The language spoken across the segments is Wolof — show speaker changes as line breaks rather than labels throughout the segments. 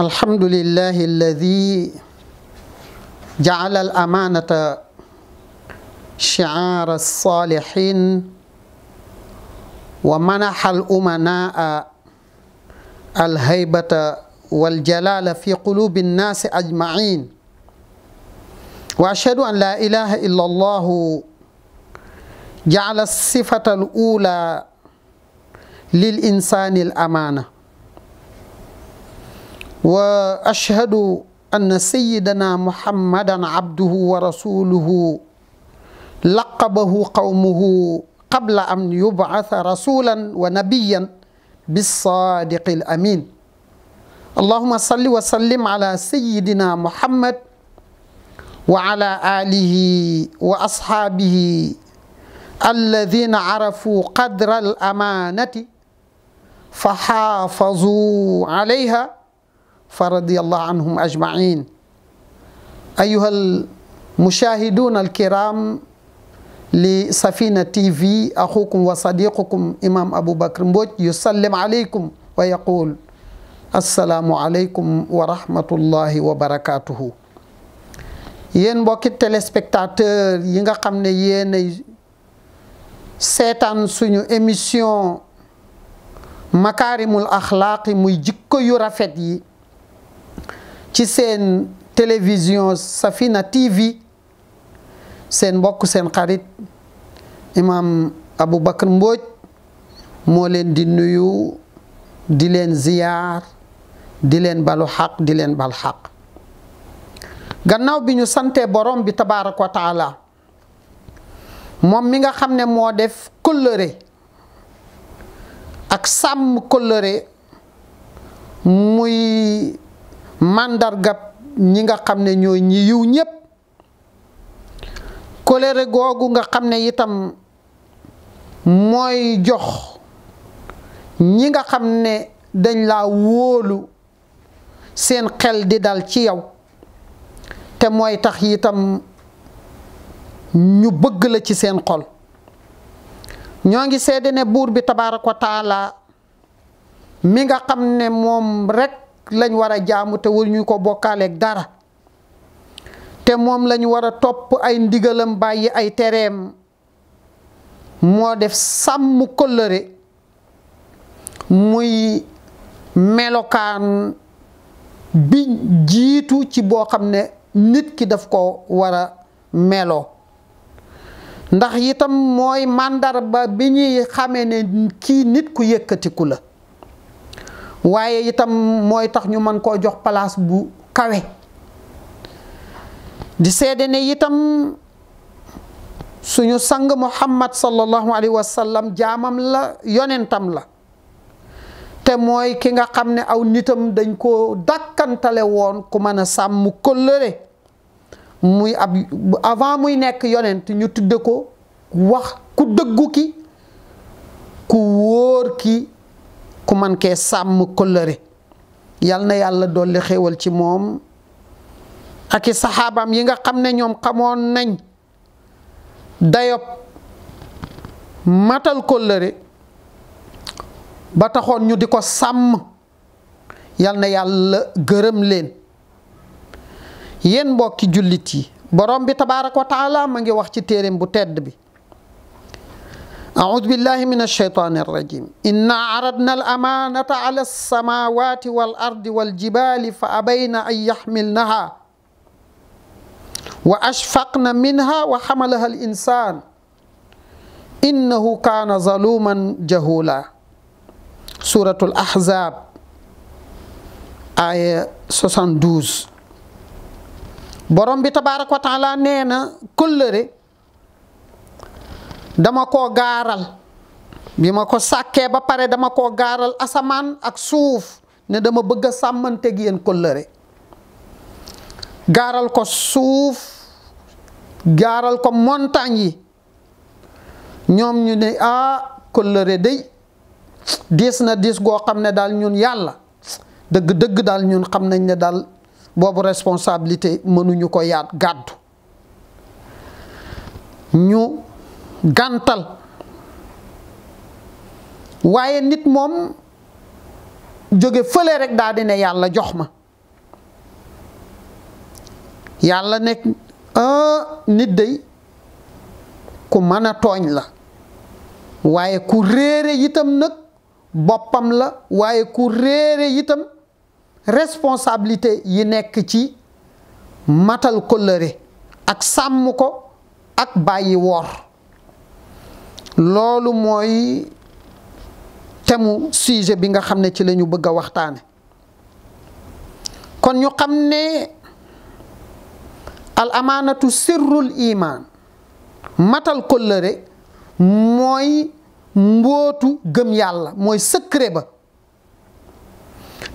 الحمد لله الذي جعل الأمانة شعار الصالحين ومنح الأمناء الهيبة والجلال في قلوب الناس أجمعين وأشهد أن لا إله إلا الله جعل الصفة الأولى للإنسان الأمانة واشهد ان سيدنا محمدا عبده ورسوله لقبه قومه قبل ان يبعث رسولا ونبيا بالصادق الامين اللهم صل وسلم على سيدنا محمد وعلى اله واصحابه الذين عرفوا قدر الامانه فحافظوا عليها فرضي الله عنهم أجمعين أيها المشاهدون الكرام لسفينة تي في أخوكم وصديقكم إمام أبو بكر مبوت يسلم عليكم ويقول السلام عليكم ورحمة الله وبركاته yéen mbokki téléspectateur yi nga xam ne yéenay seetaan suñu émission makaarimul axlaaqi muy jikko yu rafet yi ci seen télévision Safina TV seen mbokk seen xarit abu Aboubacar Mbodj moo leen di nuyu di leen ziyaar di leen balu xaq di leen bal xaq gannaaw bi ñu sante borom bi tabaaraka wa moom mi nga xam ne moo def kóllëre ak sàmm kóllëre muy màndargab ñi nga xam ne ñooy ñi yiw ñépp kolere googu nga xam ne itam mooy jox ñi nga xam ne dañ la wóolu seen xel di dal ci yow te mooy tax yitam ñu bëgg la ci seen xol ñoo ngi sedd ne buur bi tabaaraka wa mi nga xam ne moom rekk lañ war a jaamu te war ñu ko bokkaaleek dara te moom lañ war a topp ay ndigalam bàyyi ay tereem moo def sàmm kóllëre muy melokaan bi jiitu ci boo xam ne nit ki daf ko wara melo ndax itam mooy màndarba bi ñuy xamee ne kii nit ku yëkkatiku la waaye itam mooy tax ñu mën koo jox palaas bu kawe di seede ne itam suñu sang muhammad sallallahu alayhi wa sallam jaamam la yonentam la te mooy ki nga xam ne aw nitam dañ koo dàkkantale woon ku mën a sàmm kóllëre muy ab avant muy nekk yonent ñu tudde ko wax ku dëggu ki ku wóor ki ku man kee sàmm kóllëre yal na yàlla dolli xéewal ci moom ak i saxaabaam yi nga xam ne ñoom xamoon nañ dayob matal kóllëre ba taxoon ñu di ko sàmm yal na yàlla gërëm leen yéen mbokki jullit yi borom bi tabaaraka wa taala ngi wax ci téereem bu tedd bi أعوذ بالله من الشيطان الرجيم إنا عرضنا الأمانة على السماوات والأرض والجبال فأبين أن يحملنها وأشفقنا منها وحملها الإنسان إنه كان ظلوما جهولا سورة الأحزاب آية 72 borom تبارك وتعالى نينا كل ري dama ko gaaral bi ma ko sàkkee ba pare dama ko gaaral asamaan ak suuf ne dama bëgg a sàmmanteeg yéen kóllëre gaaral ko suuf gaaral ko montagne yi ñoom ñu ne ah kóllëre day diis na diis goo xam ne daal ñun yàlla dëgg-dëgg daal ñun xam nañ ne daal boobu responsabilité mënuñu ko yaat gàddu ñu gàntal waaye nit moom jóge fële rek daa ne yàlla jox ma yàlla nekk ah, nit day ku mën a tooñ la waaye ku réere itam nag boppam la waaye ku réere itam responsabilité yi nekk ci matal kóllëre ak sàmm ko ak bàyyi woor loolu mooy temu sujet bi nga xam ne ci lañu ñu bëgg a waxtaane kon ñu xam ne al amaanatu sirrul imaan matal kóllëre mooy mbootu gëm yàlla mooy secret ba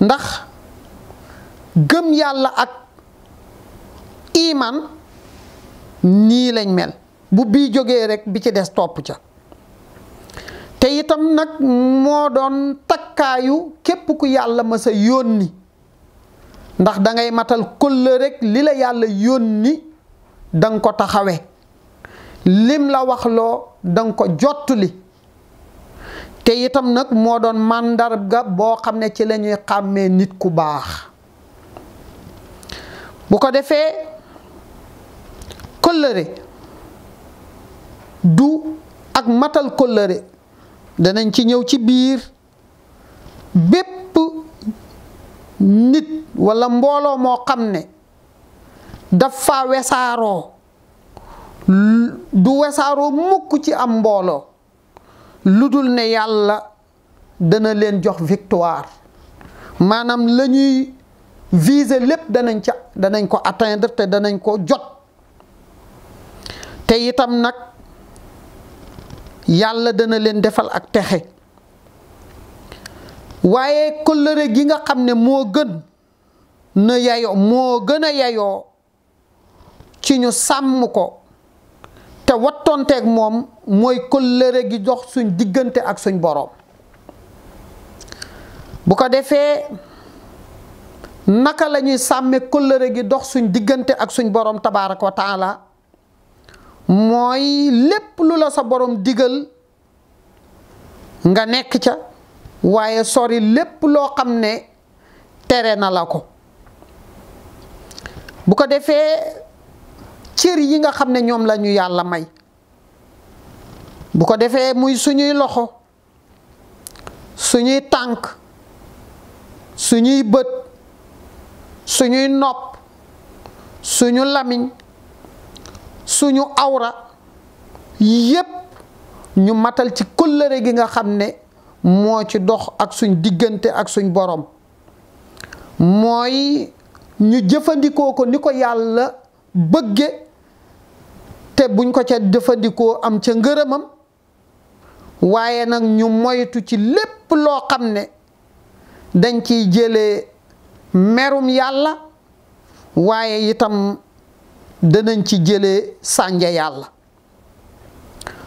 ndax gëm yàlla ak imaan nii lañ mel bu bii jógee rek bi ci des topp ca te itam nag moo doon takkaayu képp ku yàlla mës a yónni ndax dangay matal kóllëre rek li la yàlla yónni da nga ko taxawe lim la wax loo da nga ko jottali te itam nag moo doon màndarga boo xam ne ci la ñuy xàmmee nit ku baax bu ko defee kóllëre du ak matal kóllëre danañ ci ñëw ci biir bépp nit walla mbooloo moo xam ne dafa wesaaroo du wesaaroo mukk ci am mbooloo lu dul ne yàlla dana leen jox victoire maanaam lañuy ñuy lépp danañ ca danañ ko atteindre te danañ ko jot te itam nag yàlla dana leen defal ak texe waaye kóllëre gi nga xam ne moo gën na yayoo moo gën a yayoo ci ñu sàmm ko te wattonteeg moom mooy kóllëre gi jox suñ diggante ak suñ boroom bu ko defee naka lañuy ñuy sàmme gi dox suñ diggante ak suñ boroom tabaaraka wa taala mooy lépp lu la sa boroom digal nga nekk ca waaye sori lépp loo xam ne tere na la ko bu ko defee cër yi nga xam ne ñoom lañu yàlla may bu ko defee muy suñuy loxo suñuy tànk suñuy bët suñuy nopp suñu lamiñ suñu awra yépp ñu matal ci kóllëre gi nga xam ne moo ci dox ak suñ diggante ak suñ borom mooy ñu jëfandikoo ko ni ko yàlla bëgge te buñ ko ca jëfandikoo am ca ngërëmam waaye nag ñu moytu ci lépp loo xam ne dañ ciy jële merum yàlla waaye itam danañ ci jële sànja yàlla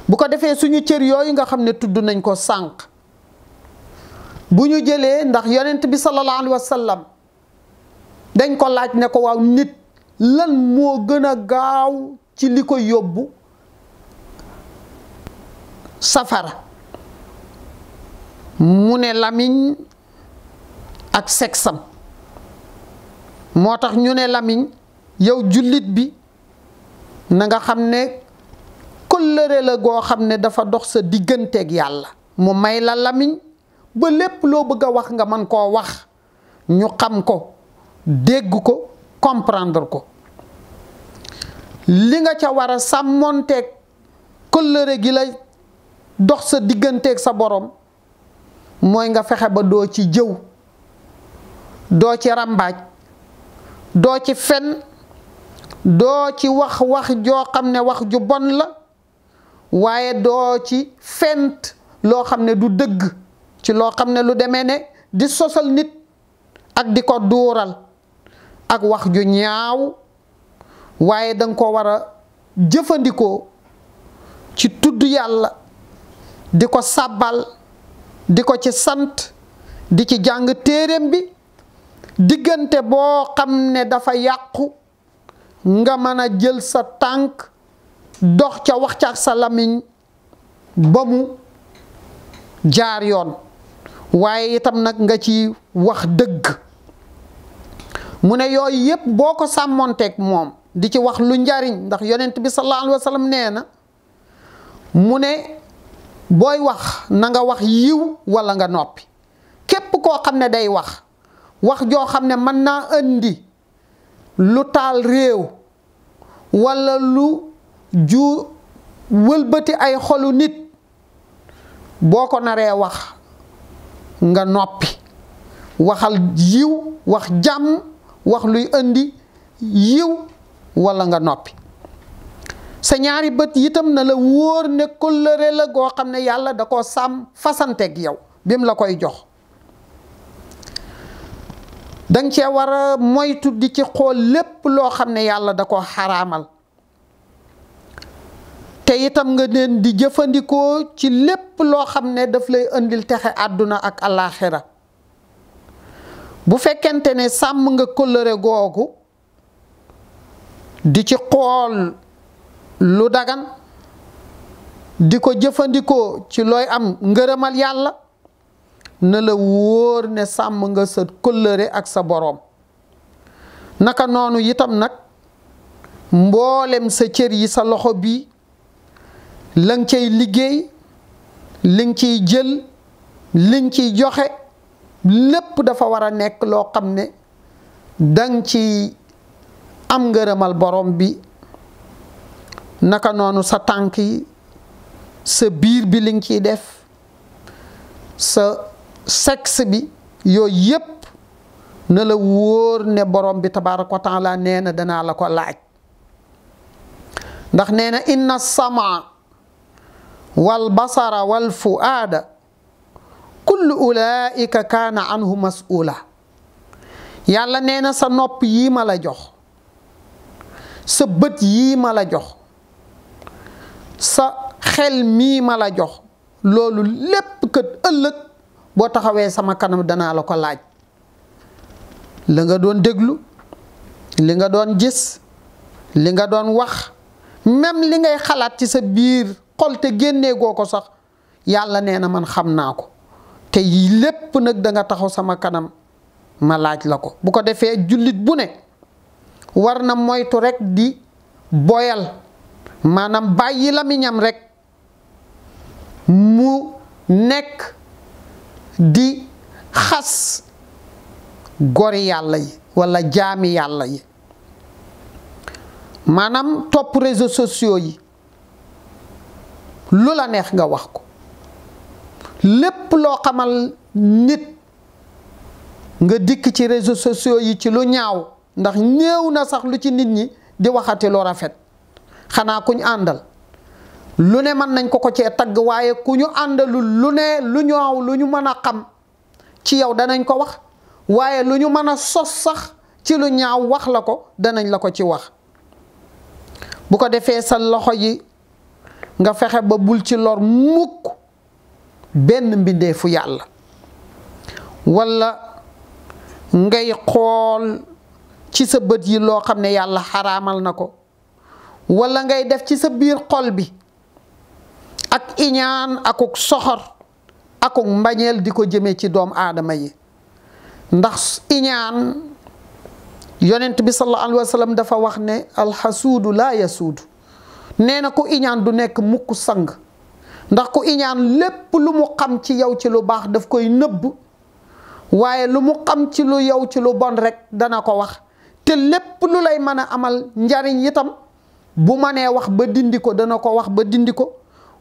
bu ko defee suñu cër yooyu nga xam ne tudd nañ ko sànq bu ñu jëlee ndax yonent bi sallallahu wa sallam dañ ko laaj ne ko waaw nit lan moo gën a gaaw ci li ko yóbbu safara mu ne lamiñ ak sexam moo tax ñu ne lamiñ yow jullit bi na nga xam ne kóllëre la goo xam ne dafa dox sa digganteeg yàlla mu may la lamiñ ba lépp loo bëgg a wax nga man koo wax ñu xam ko dégg ko comprendre ko li nga ca war a sàmmoonteeg kóllëre gi la dox sa digganteek sa boroom mooy nga fexe ba doo ci jëw doo ci ràmbaaj doo ci fen doo ci wax wax joo xam ne wax ju bon la waaye doo ci fent loo xam ne du dëgg ci loo xam ne lu deme ne di sosal nit ak di ko duural ak wax ju ñaaw waaye danga ko wara jëfandikoo ci tudd yàlla di ko sàbbal di ko ci sant di ci jàng téeréem bi diggante boo xam ne dafa yàqu nga mana jël sa tank dox ca wax ca salamin bamu mu jaar yoon waye itam nak nga ci wax deug mu yoy yep boko samonté ak mom di ci wax lu njariñ ndax yonent bi sallallahu alaihi wa neena mune boy mu wax na nga wax yiw wala nga nopi kep ko xamne day wax wax jo xamne man na andi lu taal réew walla lu ju wëlbati ay xolu nit boo ko naree wax nga noppi waxal yiw wax jàmm wax luy indi yiw walla nga noppi sa ñaari bët yitam na la wóor ne kóllëre la goo xam ne yàlla da koo sàmm fasanteek yow bim la koy jox danga cee war a moytu di ci xool lépp loo xam ne yàlla da ko xaraamal te itam nga leen di jëfandikoo ci lépp loo xam ne daf lay indil texe àdduna ak alaaxira bu fekkente ne sàmm nga kóllëre googu di ci xool lu dagan di ko jëfandikoo ci looy am ngërëmal yàlla na la wóor ne sàmm nga sa kóllëre ak sa boroom naka noonu itam nag mboolem sa cër yi sa loxo bi la nga cay liggéey li nga ciy jël li ciy joxe lépp dafa war a nekk loo xam ne dang ci am ngërëmal boroom bi naka noonu sa tànk yi sa biir bi li nga ciy def sa sexe bi yoy yep na la wor ne borom bi tabaaraka wa taala neena dana la ko laaj ndax neena na inna samaa wal basara wal fuaada kullu ulaika kana anhu mas'ula yàlla neena sa nopp yi ma la jox sa beut yi ma la jox sa xel mi ma la jox lolou lépp keut euleuk boo taxawee sama kanam danaa la ko laaj li nga doon déglu li nga doon gis li nga doon wax même li ngay xalaat ci sa biir xol te génnee goo ko sax yàlla nee na man xam naa ko te yii lépp nag danga nga taxaw sama kanam ma laaj la ko bu ko defee jullit bu ne war na moytu rekk di boyal maanaam bàyyi la mi ñam rek mu nekk di xas gori yàlla yi walla jaami yàlla yi maanaam topp réseaux sociaux yi lu la neex nga wax ko lépp loo xamal nit nga dikk ci réseaux sociaux yi ci lu ñaaw ndax ñëw na sax lu ci nit ñi di waxati lu rafet xanaa kuñ àndal lu ne mën nañ ko ko cee tagg waaye ku ñu àndalul lu ne lu ñoow lu ñu mën a xam ci yow danañ ko wax waaye lu ñu mën a sos sax ci lu ñaaw wax la ko danañ la ko ci wax bu ko defee sa loxo yi nga fexe ba bul ci lor mukk benn mbindeefu yàlla walla ngay xool ci sa bët yi loo xam ne yàlla xaramal na ko walla ngay def ci sa biir xol bi ak iñaan akuk soxor ak ak di diko jeme ci doom naks yi ndax iñaan yonent bi sallallahu alaihi wasallam dafa wax ne al hasud la yasud neena ko iñaan du nek mukk sang ndax ku iñaan lepp lu mu xam ci yow ci lu bax daf koy neub waye lu mu xam ci lu yow ci lu bon rek dana ko wax te lepp lu lay mana amal njariñ yitam bu mané wax ba dindiko dana ko wax ba dindiko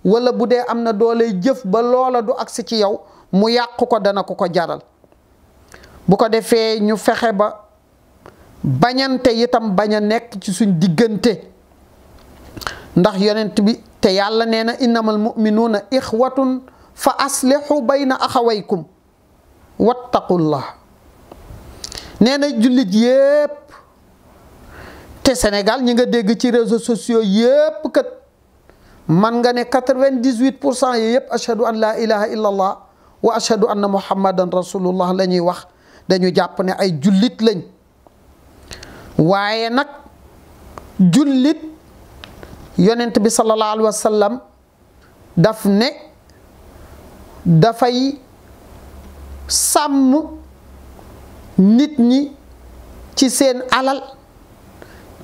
wala bu dee am na doole jëf ba loola du agsi ci yow mu yàq ko dana ko ko jaral bu ko defee ñu fexe ba bañante itam bañ a nekk ci suñ diggante ndax yenent bi te yàlla nee na innamal muminuuna ixwatun fa aslixu bayna axawaykum wattaqullah nee na jullit yépp te senegal ñi nga dégg ci réseaux sociaux yépp kat man nga ne quatre-vingt-dix-huit pour cent yi yëpp ashhadu an laa ilaha illa allah wa ashhadu anna muhammadan rasulullah la ñuy wax dañu jàpp ne ay jullit lañ waaye nag jullit yonent bi sallallahu alayhi wa sallam daf ne dafay sàmm nit ñi ci seen alal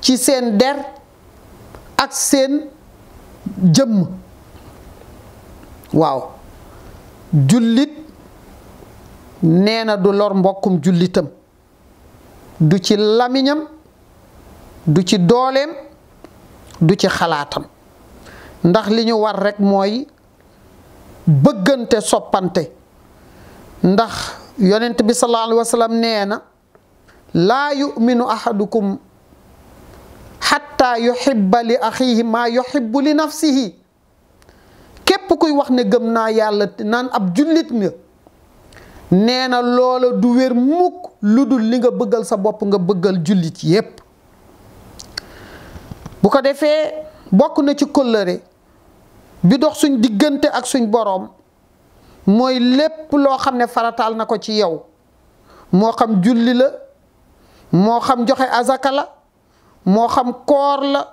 ci seen der ak seen jëmm waaw jullit neena du lor mbokkum jullitam du ci lamiñam du ci dooleem du ci xalaatam ndax li ñu war rekk mooy bëggante soppante ndax yonent bi sallallahu alayhi wa sallam nee na laa ahadukum xatta yuhibba li axihi maa yuhibbu li nafsihi képp kuy wax ne gëm naa yàlla naan ab jullit nga nee na loola du wér mukk lu dul li nga bëggal sa bopp nga bëggal jullit yépp bu ko defee bokk na ci kóllëre bi dox suñ diggante ak suñ boroom mooy lépp loo xam ne faratal na ko ci yow moo xam julli la moo xam joxe azaka la moo xam koor la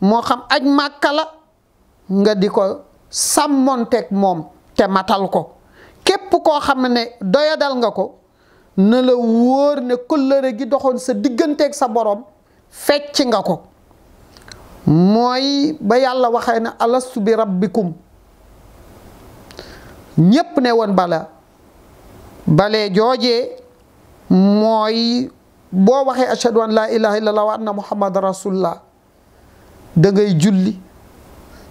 moo xam aj màkka la nga di ko sàmmonteeg moom te matal ko képp koo xam ne doyadal nga ko na la wóor ne kóllëre gi doxoon sa digganteek sa boroom fecc nga ko mooy ba yàlla waxee na alastu bi rabbikum ñépp ne woon bala bale joojee mooy boo waxee ashhadu an laa ilaha illallah wa anna muhammad rasulullah da ngay julli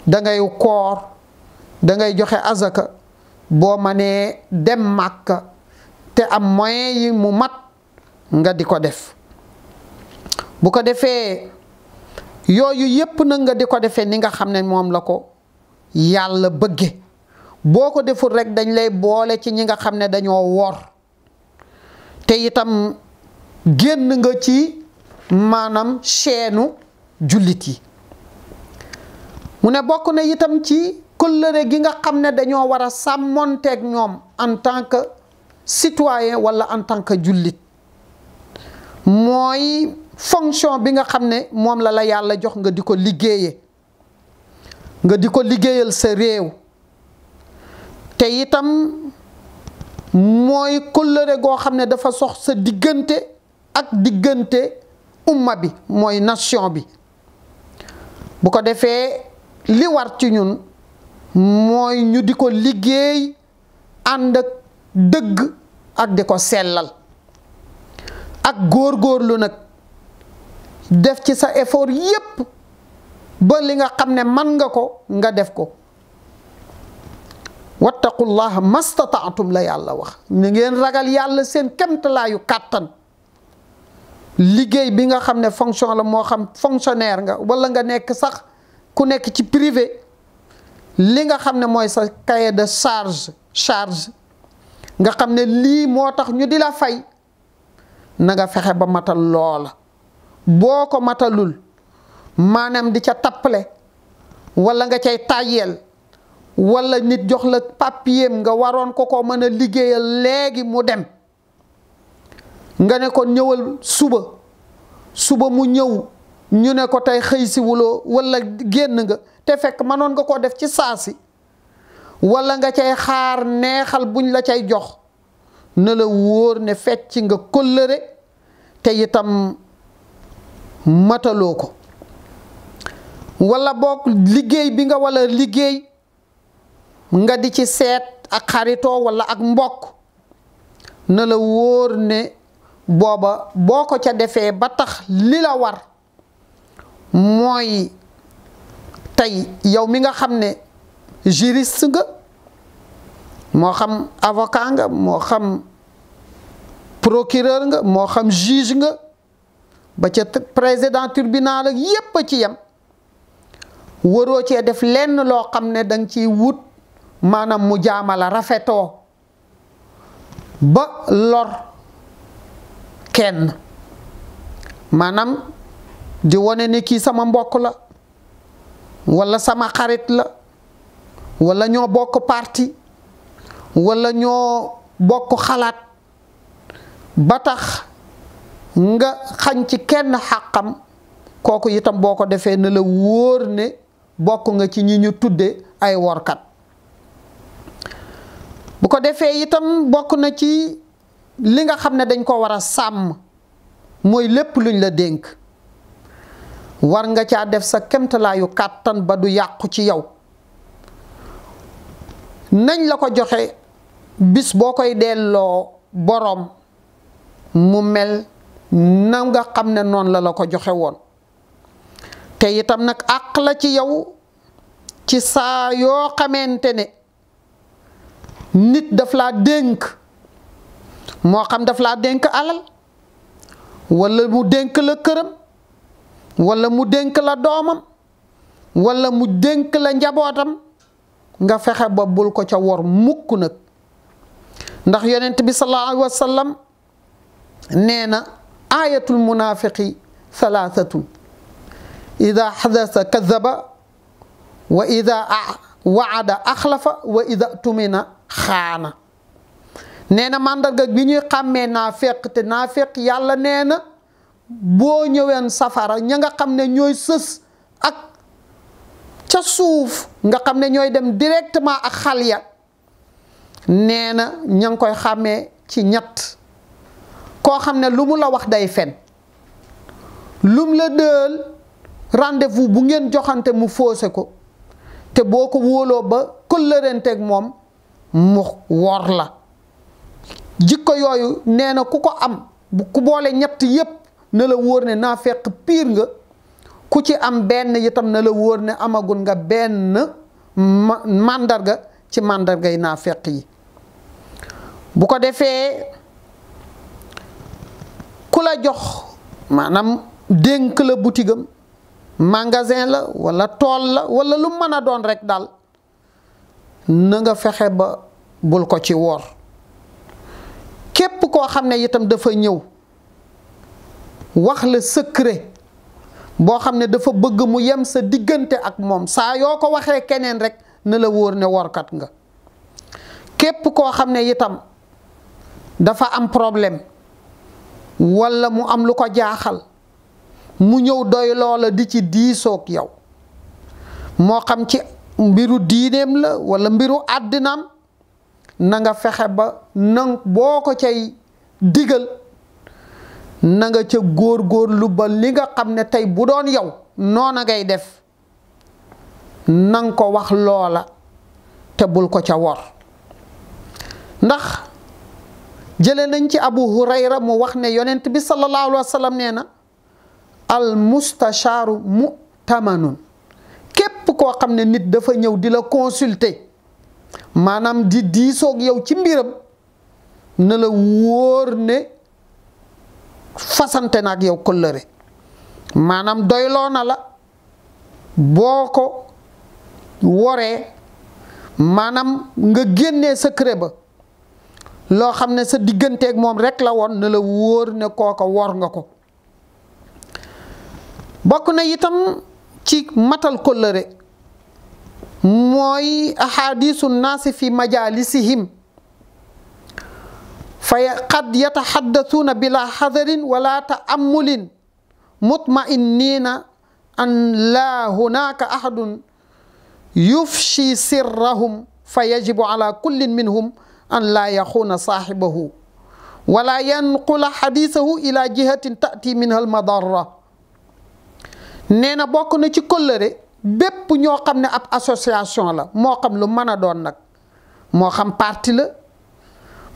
dangay ngay koor da joxe azaka boo manee dem màkka te am moyen yi mu mat nga di ko def bu ko defee yooyu yépp na nga di ko defee ni nga xam ne moom la ko yàlla bëgge boo ko deful rekk dañ lay boole ci ñi nga xam ne dañoo wor te itam génn nga ci maanaam seenu jullit yi mu ne bokk na itam ci kóllëre gi nga xam ne dañoo war a sàmmonteeg ñoom en tant que citoyen wala en tant que jullit mooy fonction bi nga xam ne moom la la yàlla jox nga di ko liggéeye nga di ko liggéeyal sa réew te itam mooy kóllëre goo xam ne dafa sox sa diggante ak diggante uma bi mooy nation bi bu ko defee li war ci ñun mooy ñu di ko liggéey ànd ak dëgg ak di ko sellal ak góorgóorlu nag def ci sa effort yépp ba li nga xam ne man nga ko nga def ko wattaqullaha mastataatum la yàlla wax ni ngeen ragal yàlla seen kemtalaayu kàttan liggéey bi nga xam ne fonction la mo xam fonctionnaire nga wala nga nek sax ku nek ci privé li nga ne sa cahier de charge charge nga xam ne motax ñu di la fay na nga fexé ba matal lool boko matalul manam di ca tappale wala nga cey tayel wala nit jox la papier nga waron ko ko meuna liggéeyal légui mu dem nga ne ko ñëwal suba suba mu ñëw ñu ne ko tey xëy walla génn nga te fekk mënoon nga koo def ci saasi wala nga cay xaar neexal buñ la cay jox na la wóor ne fecc nga kóllëre te itam mataloo ko wala boog liggéey bi nga walla liggéey nga di ci seet ak xaritoo wala ak mbokk na la wóor ne booba boo ko ca defee ba tax li la war mooy tey yow mi nga xam ne juriste nga moo xam avocat nga moo xam procureur nga moo xam juge nga ba ca président tribunal yépp a ci yem waroo cee def lenn loo xam ne danga ciy wut maanaam mu jaamala rafetoo ba lor kenn maanaam di wone ni kii sama mbokk la walla sama xarit la walla ñoo bokk parti walla ñoo bokk xalaat ba tax nga xañ ci kenn xaqam kooku itam boo ko defee na la wóor ne bokk nga ci ñi ñu tuddee ay workat bu ko defee itam bokk na ci li nga xam ne dañ koo war a sàmm mooy lépp luñ la dénk war nga caa def sa kemtalaayu kàttan ba du yàqu ci yow nañ la ko joxe bis boo koy delloo boroom mu mel na nga xam ne noon la la ko joxe woon te itam nag àq la ci yow ci saa yoo xamante ne nit daf laa dénk mo xam daf la dénk alal wala mu dénk le kërëm wala mu dénk la doomam wala mu dénk la njabootam nga fexe ba bul ko ca wor mukk nak ndax yonent bi sallallahu alayhi wasallam neena ayatul munafiqi aayatul munaafiqi thalathatun ida xadasa kadaba wa ida wacada axlafa wa ida tumina xaana neena mandar gak ñuy kame naafeq te naafeq yalla nena bo boo safara ña nga ne ak ca nga xam ne dem directement ak xal ya nee na ña chinyat koy xàmmee ci ñett koo xam ne lu mu la wax day fen lum la dël rendez-vous bu ngeen joxante mu foose ko te boo ko wóoloo ba këllërenteeg mom mu worla jikko yooyu nee na ku ko am ku boole ñett yépp na la wóor ne naa fekk piir nga ku ci am benn itam na la wóor ne amagul nga benn màndarga ci màndarga yi naa fekk yi bu ko defee ku la jox maanaam dénk la butigam magasin la walla tool la walla lu mën a doon rekk daal na nga fexe ba bul ko ci woor képp koo xam ne itam dafa ñëw wax la secret boo xam ne dafa bëgg mu yem sa diggante ak moom saa yoo ko waxee keneen rekk ne la wóor ne workat nga képp koo xam ne itam dafa am problème walla mu am lu ko jaaxal mu ñëw doy loola di ci diisoog yow moo xam ci mbiru diineem la walla mbiru àddinaam nanga fexe ba nan boo ko cay digal nanga ca góor-góorlu ba li nga xam ne tey bu doon yow noona ngay def nang ko wax loola te bul ko ca wor ndax jële nañ ci abu hurayra mu wax ne yonent bi sallallahu alayhi wa sallam nee na al mustashaaru mutamanun képp koo xam ne nit dafa ñëw di la consulter maanaam di diisoog yow ci mbiram na la wóor ne fasante na ak yow kóllëre maanaam doyloo na la boo ko woree maanaam nga génne secret ba loo xam ne sa digganteeg moom rekk la woon na la wóor ne kooka wor nga ko bokk na itam ci matal kóllëre موي احاديث الناس في مجالسهم فقد يتحدثون بلا حذر ولا تامل مطمئنين ان لا هناك احد يفشي سرهم فيجب على كل منهم ان لا يخون صاحبه ولا ينقل حديثه الى جهه تاتي منها المضره نينا بوكو نتي كولري bépp ñoo xam ne ab association la moo xam lu mën a doon nag moo xam parti la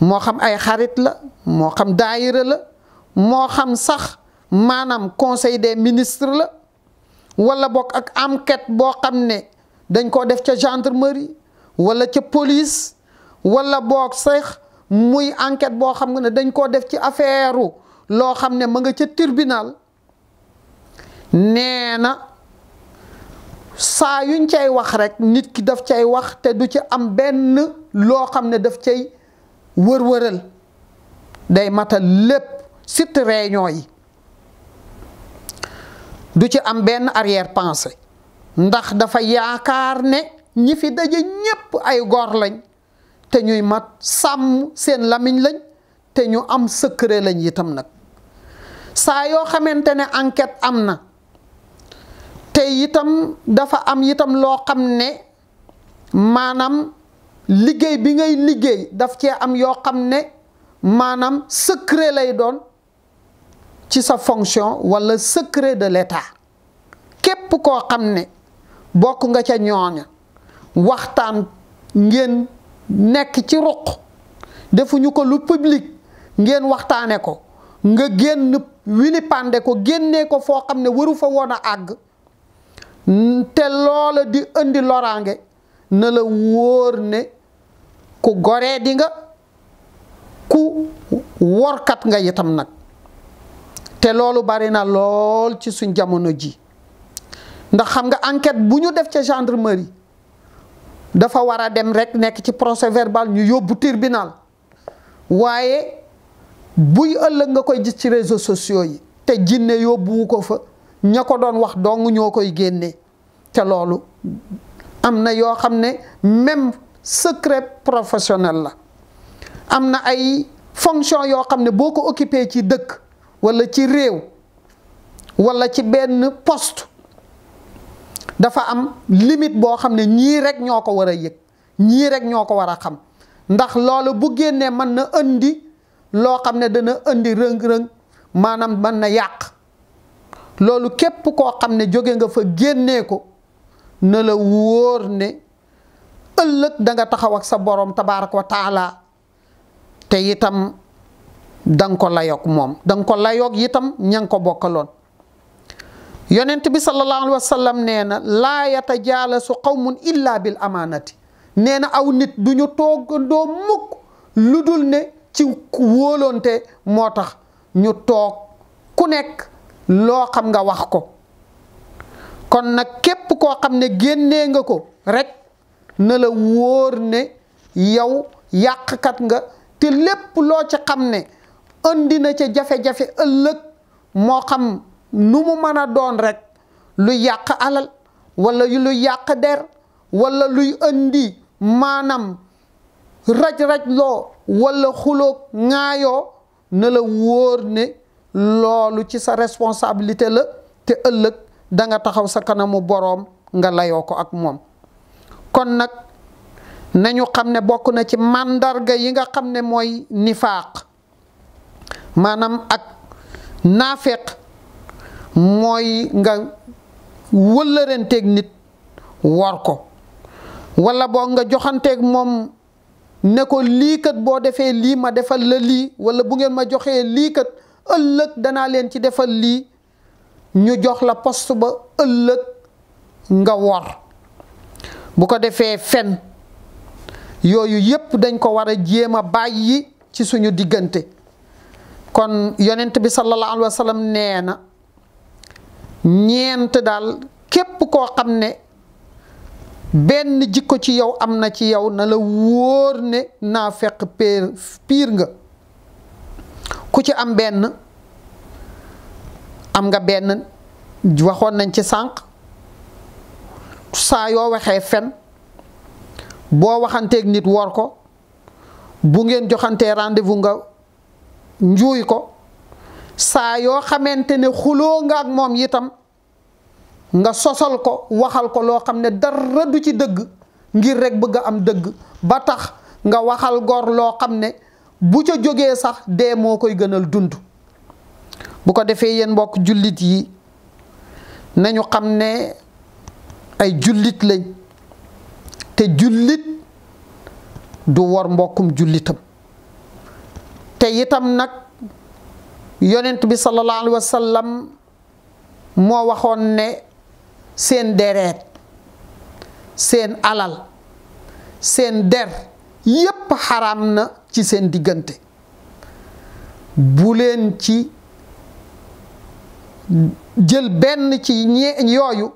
moo xam ay xarit la moo xam daayira la moo xam sax maanaam conseil des ministre la wala bokk ak enquête boo xam ne dañ koo def ca gendarmerie wala ca police wala boog sax muy enquête boo xam ne dañ koo def ci affaire loo xam ne ma nga ca tirbinal nee na saa yuñ cay wax rek nit ki daf cay wax te du ci am benn loo xam ne daf cay wër-wëral day matal lépp surtout réunion yi du ci am benn arrière pensée ndax dafa yaakaar ne ñi fi daje ñépp ay gor lañ te ñuy mat sàmm seen lamiñ lañ te ñu am secret lañ itam nag saa yoo xamante ne enquête am na te itam dafa am itam loo xam ne maanaam liggéey bi ngay liggéey daf cee am yoo xam ne maanaam secret lay doon ci sa fonction walla secret de l'État képp koo xam ne bokk nga ca ñooña waxtaan ngeen nekk ci ruq defuñu ko lu public ngeen waxtaane ko nga génn wilipande ko génnee ko foo xam ne waru fa woon a àgg te loola di indi loraange na la wóor ne ku goree di nga ku workat nga itam nag te loolu bari na lool ci suñ jamono ji ndax xam nga enquête bu ñu def ca gendarmerie dafa war a dem rek nekk ci procès verbal ñu yóbbu tribunal waaye buy ëllëg nga koy gis ci réseaux sociaux yi te jinne yóbbuwu ko fa ña ko doon wax dong ñoo koy génnee te loolu am na yoo xam ne même secret professionnel la am na ay fonction yoo xam ne boo ko occupé ci dëkk walla ci réew walla ci benn post dafa am limite boo xam ne ñii rekk ñoo ko war a yëg ñii rekk ñoo ko war a xam ndax loolu bu génnee mën na indi loo xam ne dana indi rëng-rëng maanaam mën na yàq loolu képp koo xam ne jóge nga fa génnee ko na la wóor ne ëllëg danga nga taxaw ak sa borom tabaaraka wa taala te itam da nga ko layoog moom da ko layoog itam ña ko bokkaloon yonent bi sallallahu alayhi wa sallam nee na laa yatajaalasu qawmun illa bil amaanati nee na aw nit du ñu doo mukk lu dul ne ci wóolonte moo tax ñu toog ku nekk loo xam nga wax ko kon nag képp koo xam ne génnee nga ko rek na la wóor ne yow yàqkat nga te lépp loo ci xam ne andi na ci jafe-jafe ëllëg moo xam nu mu mën a doon rek lu yàq alal walla lu yàq der wala luy andi maanaam raj-raj loo walla xulook ŋaayoo na la wóor ne loolu ci sa responsabilité la te ëllëg danga taxaw sa kanamu boroom nga layoo ko ak moom kon nag nañu xam ne bokk na ci màndarga yi nga xam ne mooy ni nifaaq maanaam ak naafeq mooy nga wëllëranteeg nit war ko wala boo nga joxanteeg moom ne ko lii boo defee lii ma defal la lii wala bu ngeen ma joxee lii ëllëg danaa leen ci defal lii ñu jox la poste ba ëllëg nga wor bu ko defee fen yooyu yépp dañ ko war a jéem a bàyyi ci suñu diggante kon yonent bi sallallahu alayhi nee na ñeent daal képp koo xam ne benn jikko ci yow am na ci yow na la wóor ne naa fekk piir nga ku ci am benn am nga benn waxoon nañ ci sànq saa yoo waxee fen boo waxanteeg nit wor ko bu ngeen joxantee rendez nga njuuy ko saa yoo xamante ne xuloo nga ak moom itam nga sosal ko waxal ko loo xam ne dara du ci dëgg ngir rekk bëgg a am dëgg ba tax nga waxal gor loo xam ne bu ca jógee sax dee moo koy gënal dund bu ko defee yéen mbokk jullit yi nañu xam ne ay jullit lañ te jullit du wor mbokkum jullitam te itam nag yonent bi sallallahu alayhi wa moo waxoon ne seen dereet seen alal seen der yépp xaraam na ci seen diggante bu leen ci jël benn ci ñee yooyu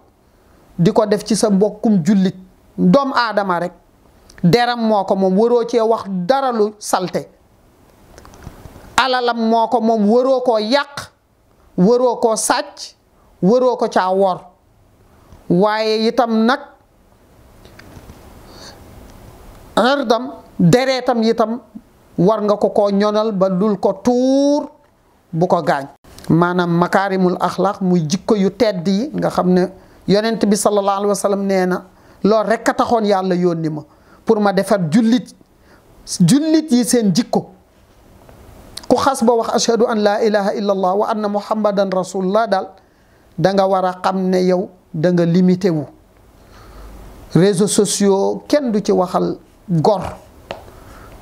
di ko def ci sa mbokkum jullit doomu aadama rekk deram moo ko moom waroo cee wax dara lu salte alalam moo ko moom waroo ko yàq wëroo ko sàcc wëroo ko caa wor waaye itam nag ardam deretam yitam war nga ko ko ñonal ba lul ko tour bu ko gañ manam makarimul akhlaq muy jikko yu teddi nga xamne yonent bi sallallahu alaihi wasallam neena purma rek taxone yalla yonima pour ma defar julit julit yi sen jikko ku khas ba wax ashhadu an la ilaha illallah wa anna muhammadan rasulullah dal da nga wara xamne yow da nga limité wu réseaux sociaux kenn du ci waxal gor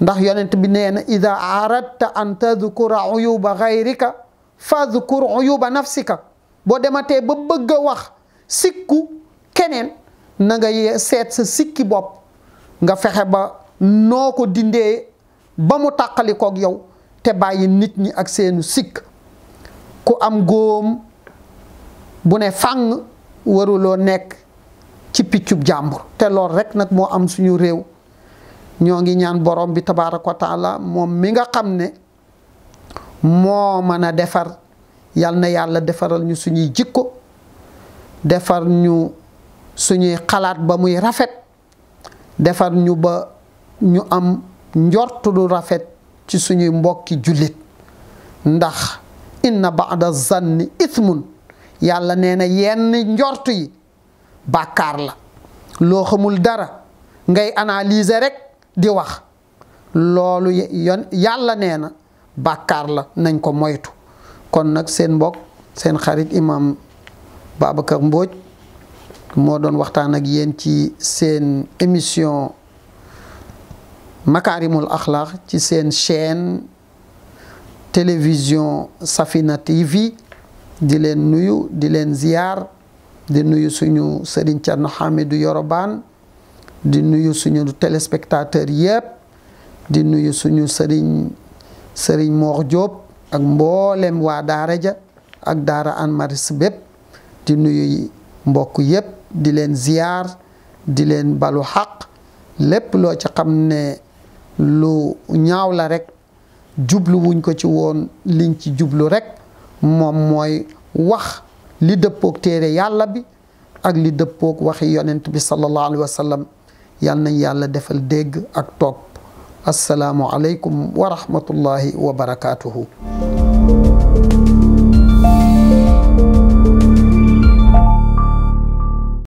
ndax yonent bi nee na ida aradta an tadkura uyuba gayrika fadkur uyuba nafsika boo dematee ba bëgg a wax sikku keneen na nga seet sa sikki bopp nga fexe ba noo ko dindee ba mu tàqali koog yow te bàyyi nit ñi ak seenu sikk ku am góom bu ne fàng waruloo nekk ci piccu jàmbur te lool rekk nag moo am suñu réew ñoo ngi ñaan borom bi tabaaraka wa moom mi nga xam ne moo mën a defar yal na yàlla defaral ñu suñuy jikko defar ñu suñuy xalaat ba muy rafet defar ñu ba ñu am njort lu rafet ci suñuy mbokki jullit ndax inna baada zanni ithmun yàlla nee na yenn njort yi bàkkaar la loo xamul dara ngay analyser rek di wax loolu yàlla nee na bàkkaar la nañ ko moytu kon nag seen mbokk seen xarit imam Babacar Mbodj moo doon waxtaan ak yéen ci seen émission makaarimul axlaax ci seen chaîne télévision Safina TV di leen nuyu di leen ziyaar di nuyu suñu sëriñ Thierno Hamidou Yoroban di nuyu suñu téléspectateur yépp di nuyu suñu sëriñ sëriñ Mor Diop ak mboolem waa daara ja ak daara Hann Maristes bépp di nuyu mbokk yépp di leen ziyaar di leen balu xaq lépp loo ci xam ne lu ñaaw la rek jublu wuñ ko ci woon liñ ci jublu rekk moom mooy wax li dëppook téere yàlla bi ak li dëppook waxi yonent bi sallallahu alayhi wa sallam يالنا يالا دفل ديغ اك توب السلام عليكم ورحمه الله وبركاته